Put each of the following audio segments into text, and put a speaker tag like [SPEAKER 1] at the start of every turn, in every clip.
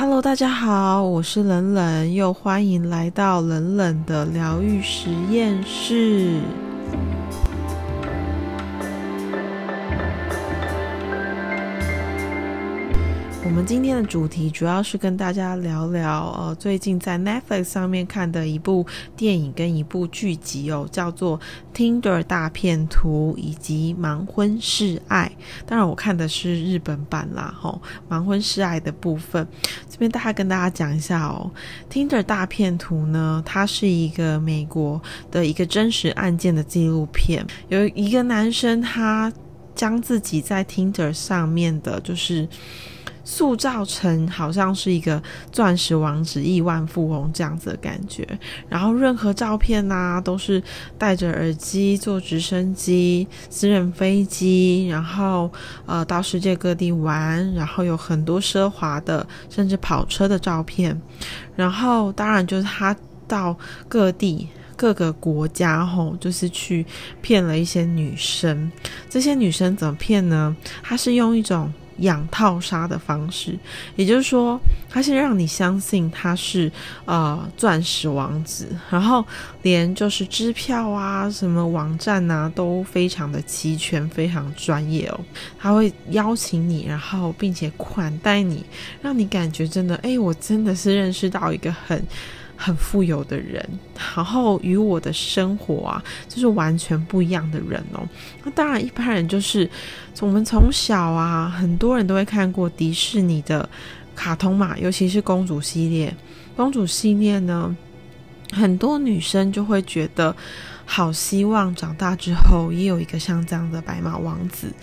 [SPEAKER 1] Hello，大家好，我是冷冷，又歡迎來到冷冷的療癒實驗室。我們今天的主題主要是跟大家聊聊，呃，最近在 Netflix 上面看的一部電影跟一部劇集哦，叫做《Tinder 大騙徒》以及《盲婚試愛》。當然，我看的是日本版啦，吼、哦。《盲婚試愛》的部分，這邊大概跟大家講一下哦，《Tinder 大騙徒》呢，它是一個美國的一個真實案件的紀錄片，有一個男生他將自己在 Tinder 上面的，就是。塑造成好像是一個鑽石王子、億萬富翁這樣子的感覺，然後任何照片呢、啊，都是戴着耳機坐直升機、私人飛機，然後呃到世界各地玩，然後有很多奢華的甚至跑車的照片，然後當然就是他到各地各個國家吼、哦，就是去騙了一些女生。這些女生怎麼騙呢？他是用一種。養套殺的方式，也就是說，他先讓你相信他是啊、呃、鑽石王子，然後連就是支票啊、什麼網站啊都非常的齊全，非常專業哦。他會邀請你，然後並且款待你，讓你感覺真的，誒、欸，我真的是認識到一個很。很富有的人，然後與我的生活啊，就是完全不一樣的人哦。那當然，一般人就是我們從小啊，很多人都會看過迪士尼的卡通嘛，尤其是公主系列。公主系列呢，很多女生就會覺得，好希望長大之後也有一個像這樣的白馬王子。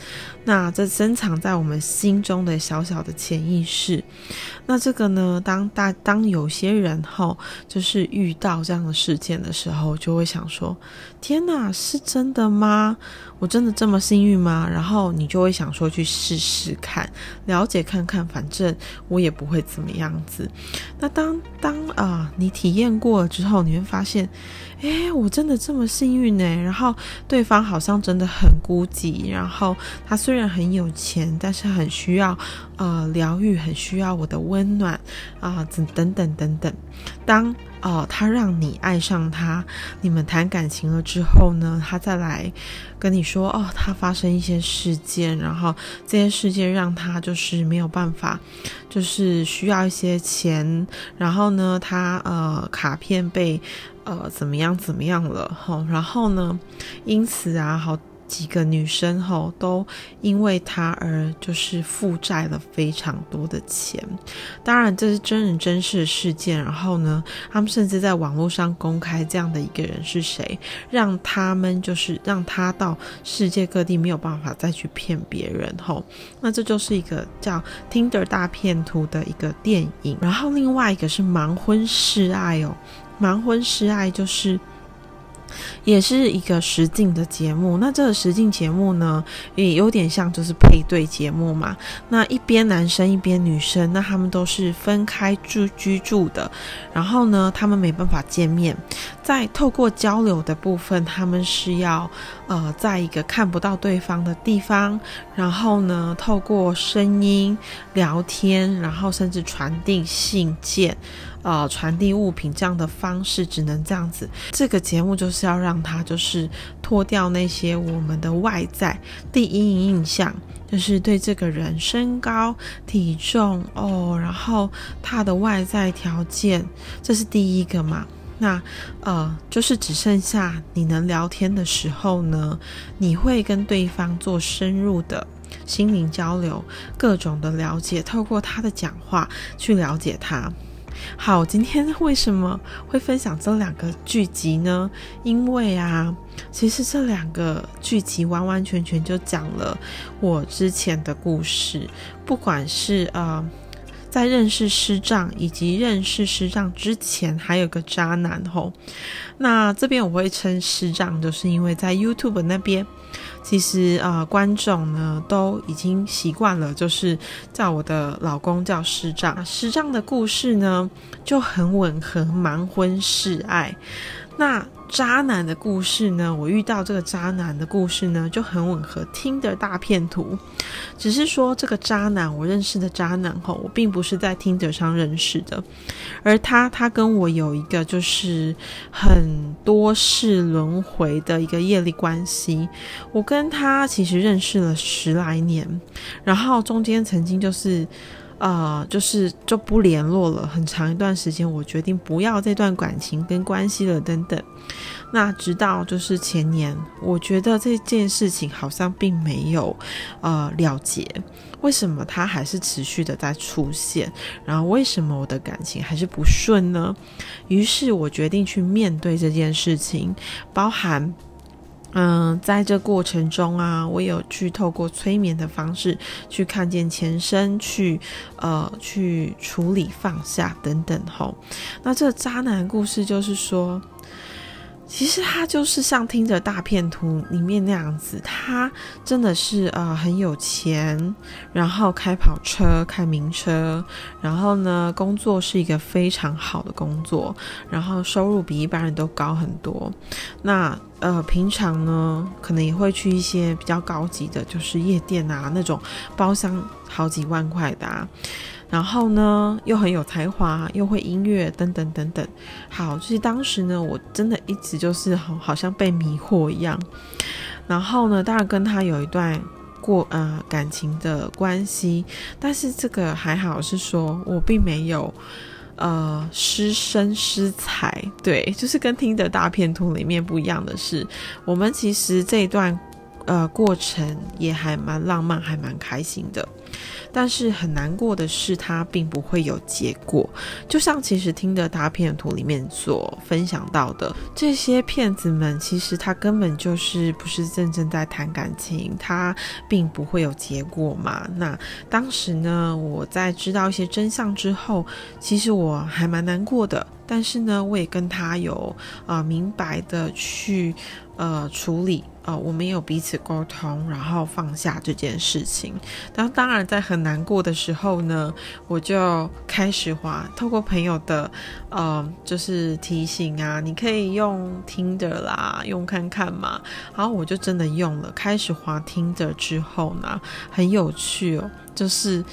[SPEAKER 1] 那這深藏在我們心中的小小的潛意識，那這個呢？當大當有些人哈，就是遇到這樣的事件的時候，就會想說：“天哪，是真的嗎？我真的這麼幸運嗎？”然後你就會想說去試試看，了解看看，反正我也不會怎麼樣子。那當當啊，你體驗過了之後，你會發現，哎，我真的這麼幸運呢。然後對方好像真的很孤寂，然後他雖然。雖然很有錢，但是很需要，呃，療癒，很需要我的溫暖，啊，呃，等等等等。當呃他讓你愛上他，你們談感情了之後呢，他再來跟你說，哦，他發生一些事件，然後這些事件讓他就是沒有辦法，就是需要一些錢，然後呢，他呃，卡片被呃怎麼樣怎麼樣了，哦，然後呢，因此啊，好。幾個女生吼，都因為他而就是負債了非常多的錢，當然這是真人真事事件。然後呢，他們甚至在網絡上公開這樣的一個人是誰，讓他們就是讓他到世界各地沒有辦法再去騙別人吼。那這就是一個叫《Tinder 大騙徒》的一個電影。然後另外一個是盲婚試愛哦，盲婚試愛就是。也是一個實境的節目，那這個實境節目呢，也有點像就是配對節目嘛。那一邊男生一邊女生，那他們都是分開住居住的，然後呢，他們沒辦法見面，在透過交流的部分，他們是要呃，在一個看不到對方的地方，然後呢，透過聲音聊天，然後甚至傳遞信件。呃，傳遞物品這樣的方式，只能這樣子。這個節目就是要讓他就是脫掉那些我們的外在第一印象，就是對這個人身高、體重哦，然後他的外在條件，這是第一個嘛。那呃，就是只剩下你能聊天的時候呢，你會跟對方做深入的心靈交流，各種的了解，透過他的講話去了解他。好，今天為什麼會分享這兩個劇集呢？因為啊，其實這兩個劇集完完全全就講了我之前的故事，不管是呃，在認識師丈以及認識師丈之前，還有個渣男吼。那這邊我會稱師丈，就是因為在 YouTube 那邊。其實啊，呃，觀眾呢都已經習慣了，就是叫我的老公叫師丈。師丈的故事呢，就很吻合盲婚試愛。那渣男的故事呢？我遇到這個渣男的故事呢，就很吻合 Tinder 大騙徒。只是說這個渣男，我認識的渣男吼，我並不是在 Tinder 上認識的，而他他跟我有一個就是很多世輪迴的一個業力關係。我跟他其實認識了十來年，然後中間曾經就是。啊、呃，就是就不聯絡了很長一段時間，我決定不要這段感情跟關係了，等等。那直到就是前年，我覺得這件事情好像並沒有呃了結，為什麼它還是持續的在出現？然後為什麼我的感情還是不順呢？於是我決定去面對這件事情，包含。嗯，在這過程中啊，我有去透過催眠的方式去看見前生，去呃去處理放下等等吼。那這渣男故事就是說。其實他就是像 Tinder 大騙徒裡面那樣子，他真的是呃很有錢，然後開跑車開名車，然後呢工作是一個非常好的工作，然後收入比一般人都高很多。那呃平常呢可能也會去一些比較高級的，就是夜店啊那種包廂好幾萬塊的啊。然後呢，又很有才華，又會音樂，等等等等。好，就是當時呢，我真的一直就是好，好像被迷惑一樣。然後呢，當然跟他有一段過呃感情的關係，但是這個還好是說我並沒有呃失身失財。對，就是跟 Tinder 大騙徒裡面不一樣的是，我們其實這一段。呃，過程也還蠻浪漫，還蠻開心的，但是很難過的是，他並不會有結果。就像其實 Tinder 大騙徒裡面所分享到的，這些騙子們其實他根本就是不是真正在談感情，他並不會有結果嘛。那當時呢，我在知道一些真相之後，其實我還蠻難過的，但是呢，我也跟他有呃明白的去呃處理。啊、呃，我們有彼此溝通，然後放下這件事情。當當然，在很難過的時候呢，我就開始滑，透過朋友的，嗯、呃，就是提醒啊，你可以用 Tinder 啦，用看看嘛。然後我就真的用了，開始滑 Tinder 之後呢，很有趣哦，就是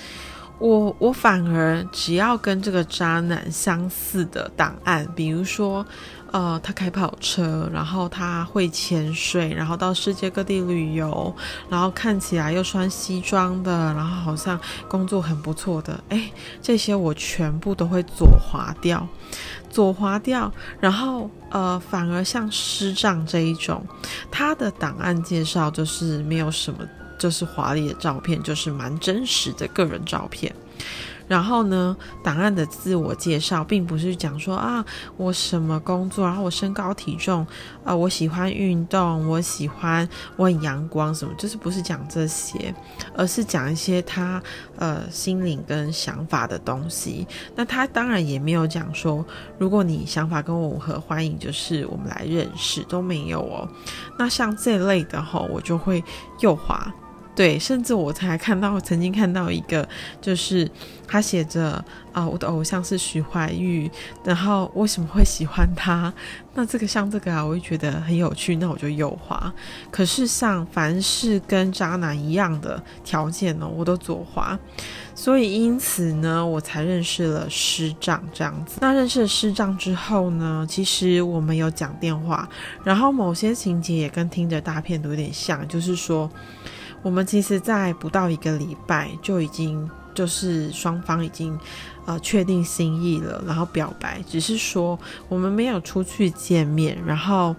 [SPEAKER 1] 我我反而只要跟這個渣男相似的檔案，比如說。呃，他開跑車，然後他會潛水，然後到世界各地旅遊，然後看起來又穿西裝的，然後好像工作很不錯的，哎，這些我全部都會左滑掉，左滑掉，然後呃，反而像師長這一種，他的檔案介紹就是沒有什麼，就是華麗的照片，就是蠻真實的個人照片。然後呢，檔案的自我介紹並不是講說啊，我什麼工作，然後我身高體重，啊、呃，我喜歡運動，我喜歡，我很陽光什麼，就是不是講這些，而是講一些他呃心靈跟想法的東西。那他當然也沒有講說，如果你想法跟我合，歡迎就是我們來認識，都沒有哦。那像這類的吼、哦，我就會右滑。對，甚至我才看到，我曾經看到一個，就是他寫着啊，我的偶像是徐懷鈺，然後為什麼會喜歡他？那這個像這個啊，我就覺得很有趣，那我就右滑。可是像凡是跟渣男一樣的條件呢，我都左滑。所以因此呢，我才認識了師丈這樣子。那認識了師丈之後呢，其實我們有講電話，然後某些情節也跟 Tinder 大騙徒都有點像，就是說。我們其實，在不到一個禮拜就已經，就是雙方已經，呃，確定心意了，然後表白，只是說我們沒有出去見面，然後，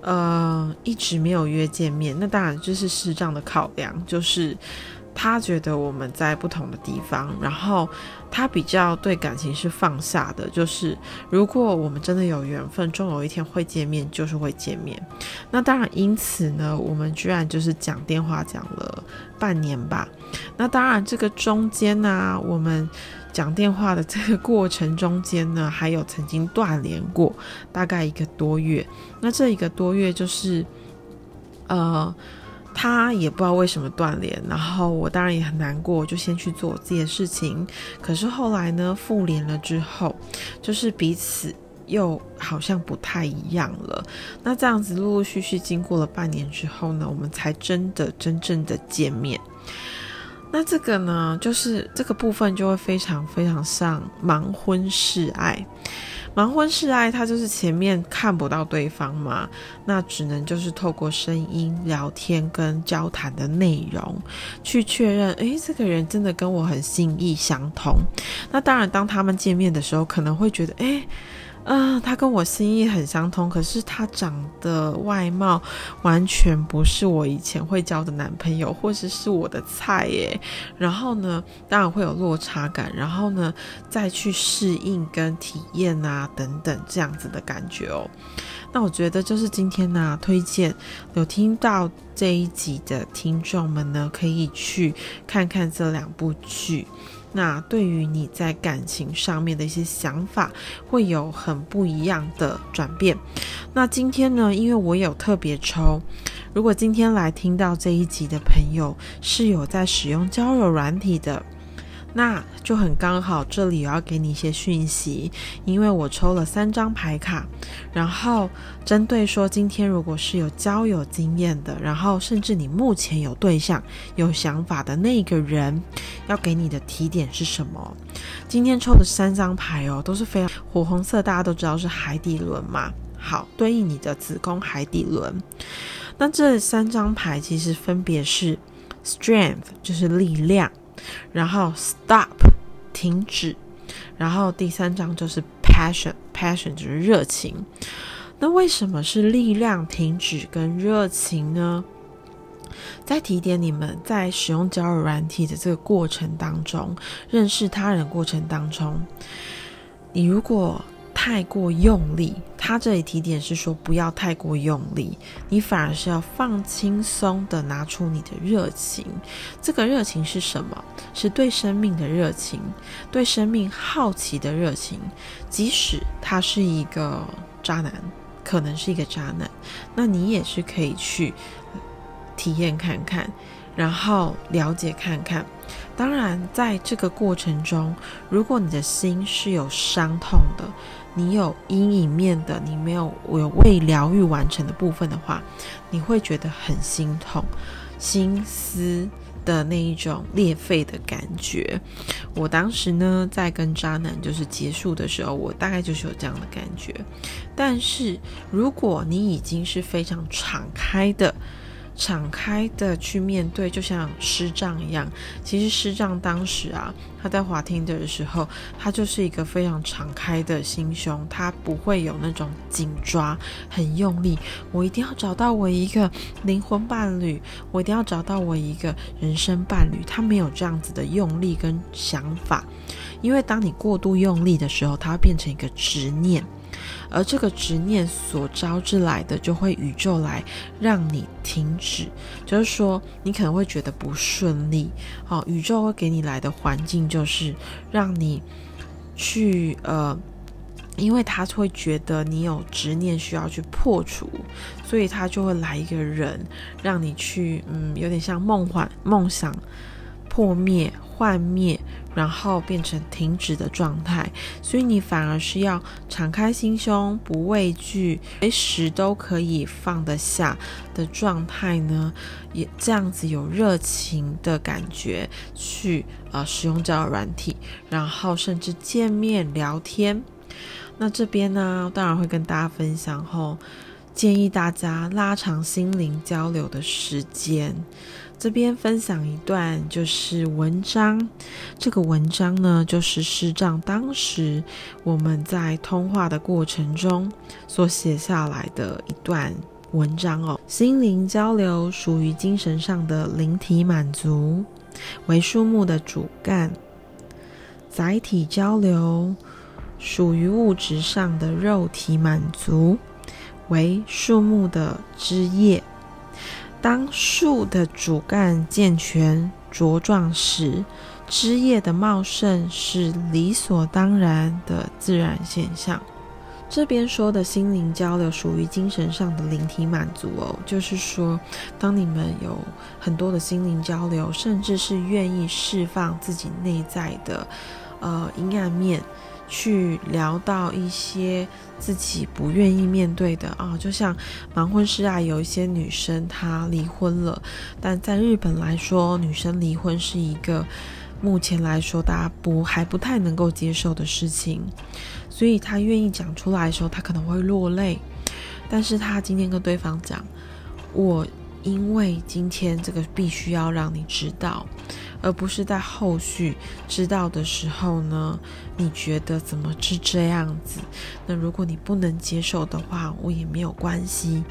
[SPEAKER 1] 呃，一直沒有約見面。那當然，就是適當的考量，就是。他覺得我們在不同的地方，然後他比較對感情是放下的，就是如果我們真的有緣分，終有一天會見面，就是會見面。那當然，因此呢，我們居然就是講電話講了半年吧。那當然，這個中間呢、啊，我們講電話的這個過程中間呢，還有曾經斷聯過大概一個多月。那這一個多月就是，呃。他也不知道為什麼斷聯，然後我當然也很難過，就先去做這件事情。可是後來呢，復聯了之後，就是彼此又好像不太一樣了。那這樣子陸陸續續經過了半年之後呢，我們才真的真正的見面。那這個呢，就是這個部分就會非常非常像盲婚試愛。盲婚試愛，他就是前面看不到對方嘛，那只能就是透過聲音聊天跟交談的內容去確認，誒、欸，這個人真的跟我很心意相同。那當然，當他們見面的時候，可能會覺得，誒、欸。啊、呃，他跟我心意很相通，可是他長的外貌完全不是我以前會交的男朋友，或者是，是我的菜耶。然後呢，當然會有落差感，然後呢，再去適應跟體驗啊等等這樣子的感覺哦。那我覺得就是今天呢，啊，推薦有聽到這一集的聽眾們呢，可以去看看這兩部劇。那對於你在感情上面的一些想法，會有很不一樣的轉變。那今天呢，因為我有特別抽，如果今天來聽到這一集的朋友是有在使用交友軟體的。那就很剛好，這裡我要給你一些訊息，因為我抽了三張牌卡，然後針對說今天如果是有交友經驗的，然後甚至你目前有對象、有想法的那個人，要給你的提點是什麼？今天抽的三張牌哦，都是非常火紅色，大家都知道是海底輪嘛。好，對應你的子宮海底輪，那這三張牌其實分別是 strength，就是力量。然後 stop 停止，然後第三張就是 passion，passion 就是熱情。那為什麼是力量、停止跟熱情呢？再提點你們，在使用交友軟體的這個過程當中，認識他人的過程當中，你如果太過用力，他這裡提點是說不要太過用力，你反而是要放輕鬆地拿出你的熱情。這個熱情是什麼？是對生命的熱情，對生命好奇的熱情。即使他是一個渣男，可能是一個渣男，那你也是可以去體驗看看，然後了解看看。當然，在這個過程中，如果你的心是有傷痛的，你有陰影面的，你沒有，有未療癒完成的部分的話，你會覺得很心痛，心撕的那一種裂肺的感覺。我當時呢，在跟渣男就是結束的時候，我大概就是有這樣的感覺。但是如果你已經是非常敞開的，敞開的去面對，就像師丈一樣。其實師丈當時啊，他在滑 Tinder 的時候，他就是一個非常敞開的心胸，他不會有那種緊抓、很用力。我一定要找到我一個靈魂伴侶，我一定要找到我一個人生伴侶。他沒有這樣子的用力跟想法，因為當你過度用力的時候，它會變成一個執念。而這個執念所招致來的，就會宇宙來讓你停止，就是說你可能會覺得不順利，好、哦，宇宙會給你來的環境就是讓你去呃，因為他會覺得你有執念需要去破除，所以他就會來一個人讓你去，嗯，有點像夢幻夢想破滅。幻滅，然後變成停止的狀態，所以你反而是要敞開心胸，不畏懼，隨時都可以放得下的狀態呢，也這樣子有熱情的感覺去啊、呃、使用這個軟體，然後甚至見面聊天。那這邊呢，當然會跟大家分享後建議大家拉長心靈交流的時間。這邊分享一段，就是文章。這個文章呢，就是師丈當時我們在通話的過程中所寫下來的一段文章哦。心靈交流屬於精神上的靈體滿足，為樹木的主幹；載體交流屬於物質上的肉體滿足，為樹木的枝葉。當樹的主幹健全茁壯時，枝葉的茂盛是理所當然的自然現象。這邊說的心靈交流屬於精神上的靈體滿足哦，就是說，當你們有很多的心靈交流，甚至是願意釋放自己內在的，呃，陰暗面。去聊到一些自己不願意面對的啊，就像盲婚試啊，有一些女生她離婚了，但在日本來說，女生離婚是一個目前來說大家不還不太能夠接受的事情，所以她願意講出來的時候，她可能會落淚，但是她今天跟對方講，我因為今天這個必須要讓你知道。而不是在後續知道的時候呢？你覺得怎麼是這樣子？那如果你不能接受的話，我也沒有關係。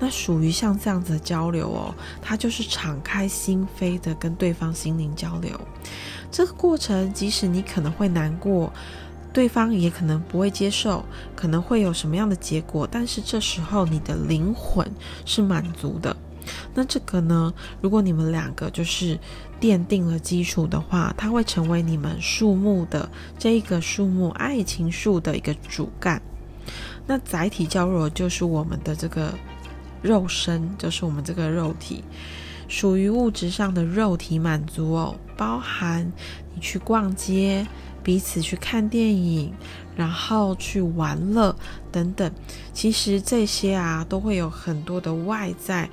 [SPEAKER 1] 那屬於像這樣子的交流哦，它就是敞開心扉的跟對方心靈交流。這個過程，即使你可能會難過，對方也可能不會接受，可能會有什麼樣的結果，但是這時候你的靈魂是滿足的。那這個呢，如果你們兩個就是奠定了基礎的話，它會成為你們樹木的這一個樹木愛情樹的一個主幹。那載體較弱就是我們的這個肉身，就是我們這個肉體，屬於物質上的肉體滿足哦，包含你去逛街，彼此去看電影，然後去玩樂等等。其實這些啊，都會有很多的外在。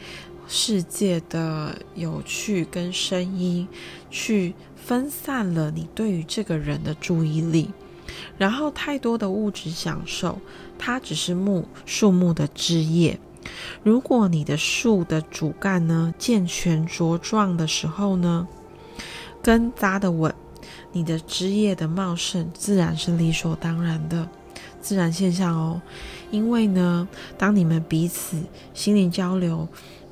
[SPEAKER 1] 世界的有趣跟聲音，去分散了你對於這個人的注意力，然後太多的物質享受，它只是木樹木的枝葉。如果你的樹的主幹呢，健全茁壯的時候呢，根扎得穩，你的枝葉的茂盛自然是理所當然的自然現象哦。因為呢，當你們彼此心靈交流，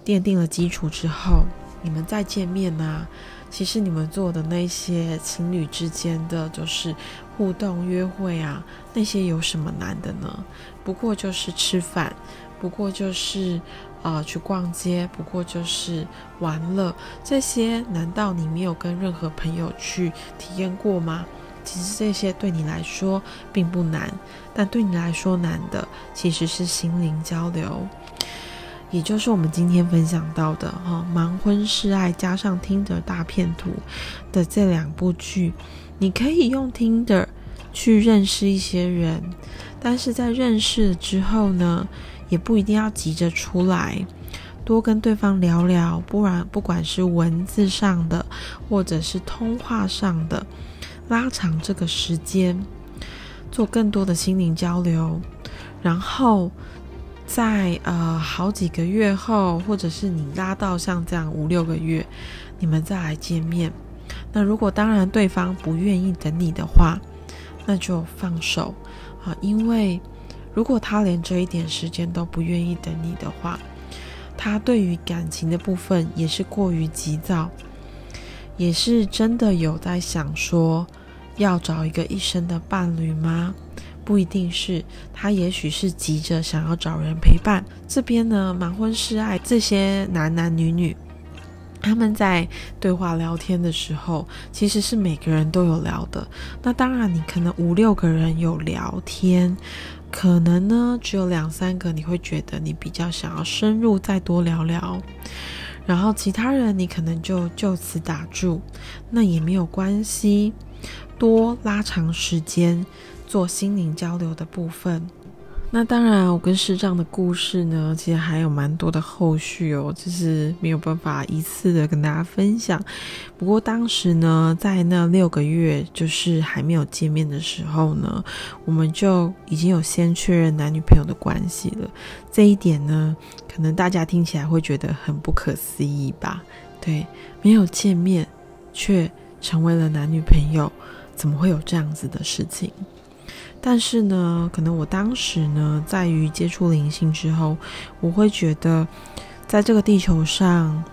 [SPEAKER 1] 奠定了基礎之後，你們再見面啊。其實你們做的那些情侶之間的就是互動、約會啊，那些有什麼難的呢？不過就是吃飯，不過就是啊、呃、去逛街，不過就是玩樂，這些難道你沒有跟任何朋友去體驗過嗎？其實這些對你來說並不難，但對你來說難的其實是心靈交流。也就是我們今天分享到的哈、哦，盲婚試愛加上 Tinder 大騙徒的這兩部劇，你可以用 Tinder 去認識一些人，但是在認識了之後呢，也不一定要急着出來，多跟對方聊聊，不然不管是文字上的或者是通話上的，拉長這個時間，做更多的心靈交流，然後。在呃，好幾個月後，或者是你拉到像這樣五六個月，你們再來見面。那如果當然對方不願意等你的話，那就放手啊。呃，因為如果他連這一點時間都不願意等你的話，他對於感情的部分也是過於急躁，也是真的有在想說要找一個一生的伴侶嗎？不一定是他，也許是急着想要找人陪伴。這邊呢，盲婚試愛，這些男男女女，他們在對話聊天的時候，其實是每個人都有聊的。那當然，你可能五六個人有聊天，可能呢只有兩三個，你會覺得你比較想要深入再多聊聊，然後其他人你可能就就此打住，那也沒有關係，多拉長時間。做心靈交流的部分，那當然，我跟師丈的故事呢，其實還有蠻多的後續哦，就是沒有辦法一次的跟大家分享。不過當時呢，在那六個月就是還沒有見面的時候呢，我們就已經有先確認男女朋友的關係了。這一點呢，可能大家聽起來會覺得很不可思議吧？對，沒有見面卻成為了男女朋友，怎麼會有這樣子的事情？但是呢，可能我當時呢，在於接觸靈性之後，我會覺得，在這個地球上，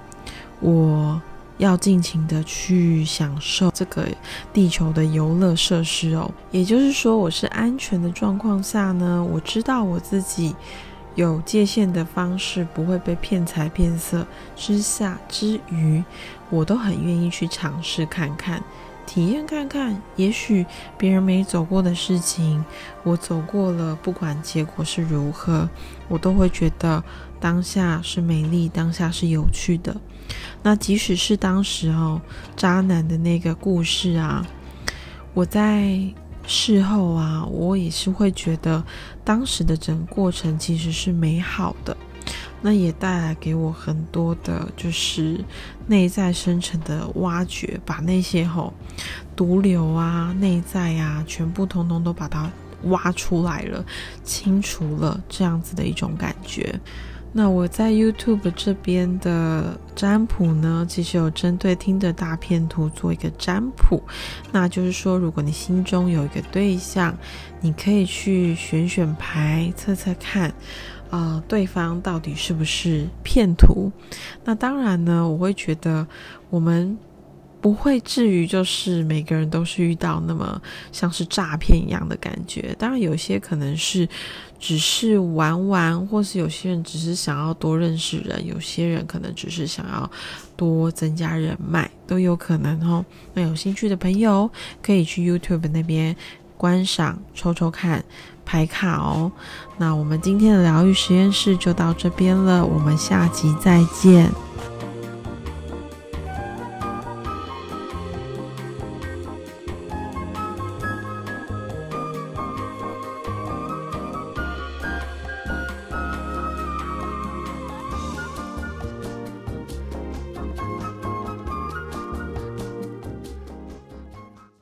[SPEAKER 1] 我要盡情的去享受這個地球的遊樂設施哦。也就是說，我是安全的狀況下呢，我知道我自己有界限的方式，不會被騙財騙色之下之餘，我都很願意去嘗試看看。體驗看看，也許別人沒走過的事情，我走過了。不管結果是如何，我都會覺得當下是美麗，當下是有趣的。那即使是當時哦，渣男的那個故事啊，我在事後啊，我也是會覺得當時的整個過程其實是美好的。那也帶來給我很多的，就是內在深層的挖掘，把那些吼毒瘤啊、內在啊，全部通通都把它挖出來了，清除了，這樣子的一種感覺。那我在 YouTube 這邊的占卜呢，其實有針對 Tinder 大騙徒做一個占卜，那就是說，如果你心中有一個對象，你可以去選選牌，測測看。啊、呃，對方到底是不是騙徒？那當然呢，我會覺得我們不會至於就是每個人都是遇到那麼像是詐騙一樣的感覺。當然，有些可能是只是玩玩，或是有些人只是想要多認識人，有些人可能只是想要多增加人脈，都有可能哦。那有興趣的朋友可以去 YouTube 那邊觀賞，抽抽看。牌卡哦，那我們今天的療癒實驗室就到這邊了，我們下集再見。